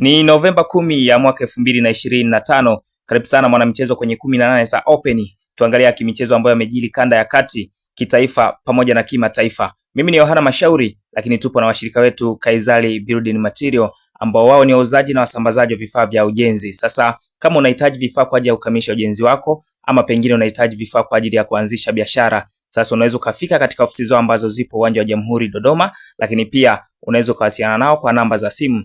Ni Novemba kumi ya mwaka elfu mbili na ishirini na tano. Karibu sana mwanamichezo kwenye kumi na nane za Open, tuangalia akimichezo ambayo yamejili kanda ya kati, kitaifa pamoja na kimataifa. Mimi ni Yohana Mashauri, lakini tupo na washirika wetu Kaizali Building Material ambao wao ni wauzaji na wasambazaji wa vifaa vya ujenzi. Sasa kama unahitaji vifaa kwa ajili ya kukamilisha ujenzi wako ama pengine unahitaji vifaa kwa ajili ya kuanzisha biashara, sasa unaweza ukafika katika ofisi zao ambazo zipo uwanja wa Jamhuri Dodoma, lakini pia unaweza ukawasiliana nao kwa namba za simu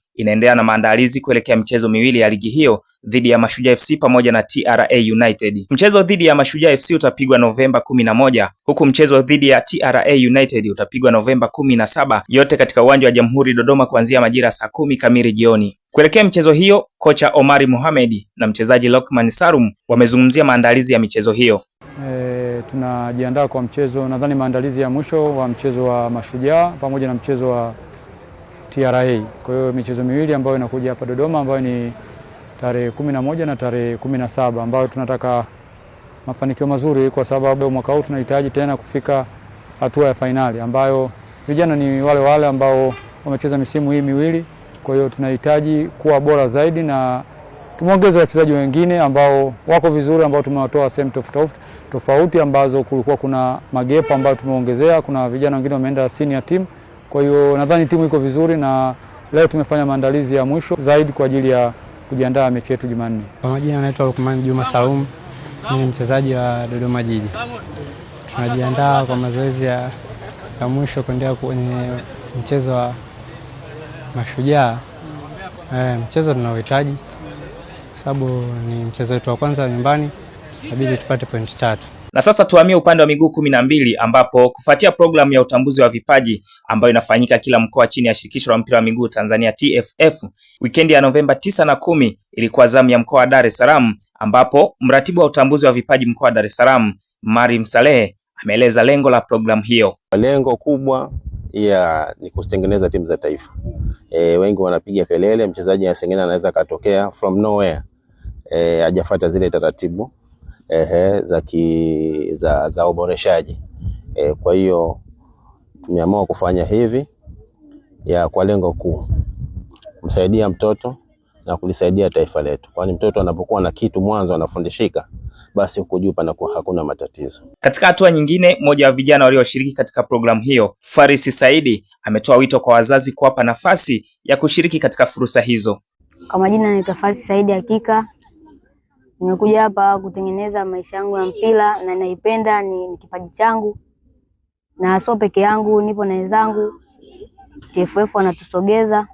inaendelea na maandalizi kuelekea michezo miwili ya ligi hiyo dhidi ya Mashujaa FC pamoja na TRA United. Mchezo dhidi ya Mashujaa FC utapigwa Novemba 11 huku mchezo dhidi ya TRA United utapigwa Novemba 17, yote katika uwanja wa Jamhuri Dodoma kuanzia majira saa kumi kamili jioni. Kuelekea michezo hiyo, kocha Omari Mohamed na mchezaji Lokman sarum wamezungumzia maandalizi ya michezo hiyo. E, tunajiandaa kwa mchezo, nadhani maandalizi ya mwisho wa mchezo wa Mashujaa pamoja na mchezo wa TRA. Kwa hiyo michezo miwili ambayo inakuja hapa Dodoma ambayo ni tarehe 11 na tarehe 17 ambayo tunataka mafanikio mazuri, kwa sababu mwaka huu tunahitaji tena kufika hatua ya fainali ambayo vijana ni wale wale ambao wamecheza misimu hii miwili. Kwa hiyo tunahitaji kuwa bora zaidi na tumeongeza wachezaji wengine ambao wako vizuri ambao tumewatoa sehemu tofauti tofauti ambazo kulikuwa kuna magepo ambayo tumeongezea. Kuna vijana wengine wameenda senior team. Kwa hiyo nadhani timu iko vizuri na leo tumefanya maandalizi ya mwisho zaidi kwa ajili ya kujiandaa mechi yetu Jumanne. Kwa majina anaitwa Lukman Juma Salum, mimi ni mchezaji wa Dodoma Jiji. Tunajiandaa kwa mazoezi ya, ya mwisho kuendea kwenye mchezo wa Mashujaa. Eh, mchezo tunaohitaji kwa sababu ni mchezo wetu wa kwanza nyumbani, inabidi tupate pointi tatu. Na sasa tuhamie upande wa miguu kumi na mbili ambapo kufuatia programu ya utambuzi wa vipaji ambayo inafanyika kila mkoa chini ya shirikisho la mpira wa miguu Tanzania TFF, wikendi ya Novemba tisa na kumi ilikuwa zamu ya mkoa wa Dar es Salaam, ambapo mratibu wa utambuzi wa vipaji mkoa wa Dar es Salaam Mari Salehe ameeleza lengo la programu hiyo. Lengo kubwa ya ni kutengeneza timu za taifa. E, wengi wanapiga kelele mchezaji asengena anaweza katokea from nowhere. Eh, hajafuata zile taratibu ehe, za, ki, za, za uboreshaji e. Kwa hiyo tumeamua kufanya hivi ya kwa lengo kuu msaidia mtoto na kulisaidia taifa letu, kwani mtoto anapokuwa na kitu mwanzo anafundishika, basi huku juu panakuwa hakuna matatizo. Katika hatua nyingine, mmoja wa vijana walioshiriki katika programu hiyo, Farisi Saidi, ametoa wito kwa wazazi kuwapa nafasi ya kushiriki katika fursa hizo. Kwa majina anaitwa Farisi Saidi. Hakika Nimekuja hapa kutengeneza maisha yangu ya mpira na naipenda, ni kipaji changu na sio peke yangu, nipo na wenzangu. TFF wanatusogeza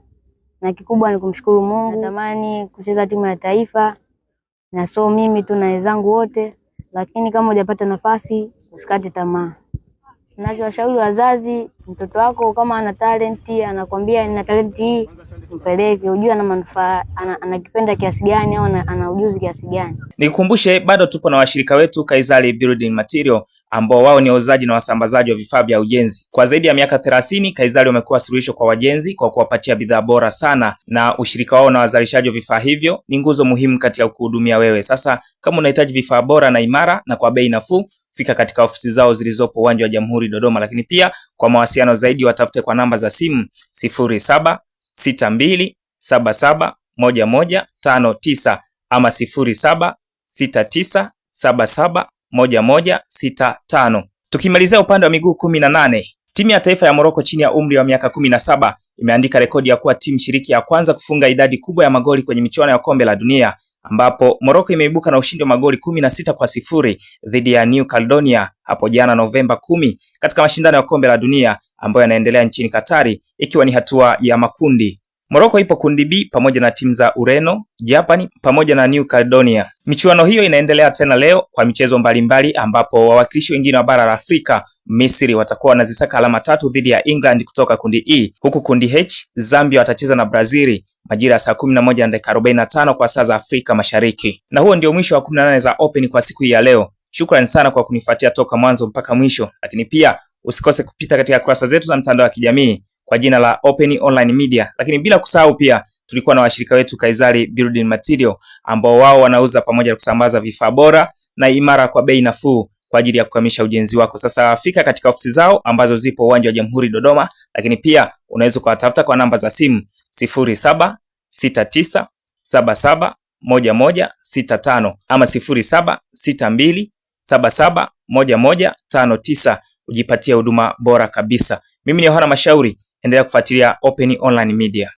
na kikubwa ni kumshukuru Mungu. Natamani kucheza timu ya taifa na sio mimi tu na wenzangu wote, lakini kama hujapata nafasi usikate tamaa. Nachowashauri wazazi, mtoto wako kama ana talenti, anakwambia nina talenti hii mpeleke, ujue ana manufaa, anakipenda kiasi gani au ana ujuzi kiasi gani. Nikukumbushe, bado tupo na washirika wetu Kaizali Building Material ambao wao ni wauzaji na wasambazaji wa vifaa vya ujenzi. Kwa zaidi ya miaka 30. Kaizali wamekuwa suluhisho kwa wajenzi kwa kuwapatia bidhaa bora sana, na ushirika wao na wazalishaji wa vifaa hivyo ni nguzo muhimu katika kuhudumia wewe. Sasa kama unahitaji vifaa bora na imara na kwa bei nafuu, fika katika ofisi zao zilizopo uwanja wa Jamhuri Dodoma, lakini pia kwa mawasiliano zaidi watafute kwa namba za simu sifuri saba 62771159 ama 0769771165. Tukimalizia upande wa miguu 18, timu ya taifa ya Moroko chini ya umri wa miaka 17 imeandika rekodi ya kuwa timu shiriki ya kwanza kufunga idadi kubwa ya magoli kwenye michuano ya kombe la dunia ambapo Morocco imeibuka na ushindi wa magoli kumi na sita kwa sifuri dhidi ya New Caledonia hapo jana Novemba kumi katika mashindano ya kombe la dunia ambayo yanaendelea nchini Katari ikiwa ni hatua ya makundi. Morocco ipo kundi B pamoja na timu za Ureno, Japani pamoja na New Caledonia. Michuano hiyo inaendelea tena leo kwa michezo mbalimbali mbali, ambapo wawakilishi wengine wa bara la Afrika Misri watakuwa wanazisaka alama tatu dhidi ya England kutoka kundi E, huku kundi H Zambia watacheza na Brazili, majira ya saa 11 na dakika tano kwa saa za Afrika Mashariki. Na huo ndio mwisho wa 18 za Open kwa siku hii ya leo. Shukrani sana kwa kunifuatia toka mwanzo mpaka mwisho, lakini pia usikose kupita katika kurasa zetu za mtandao wa kijamii kwa jina la Open Online Media, lakini bila kusahau pia tulikuwa na washirika wetu Kaizali Building Material ambao wao wanauza pamoja na kusambaza vifaa bora na imara kwa bei nafuu kwa ajili ya kukamisha ujenzi wako. Sasa fika katika ofisi zao ambazo zipo uwanja wa Jamhuri Dodoma, lakini pia unaweza ukawatafuta kwa namba za simu 0769771165 ama 0762771159 ujipatie huduma bora kabisa. Mimi ni Yohana Mashauri, endelea kufuatilia Open Online Media.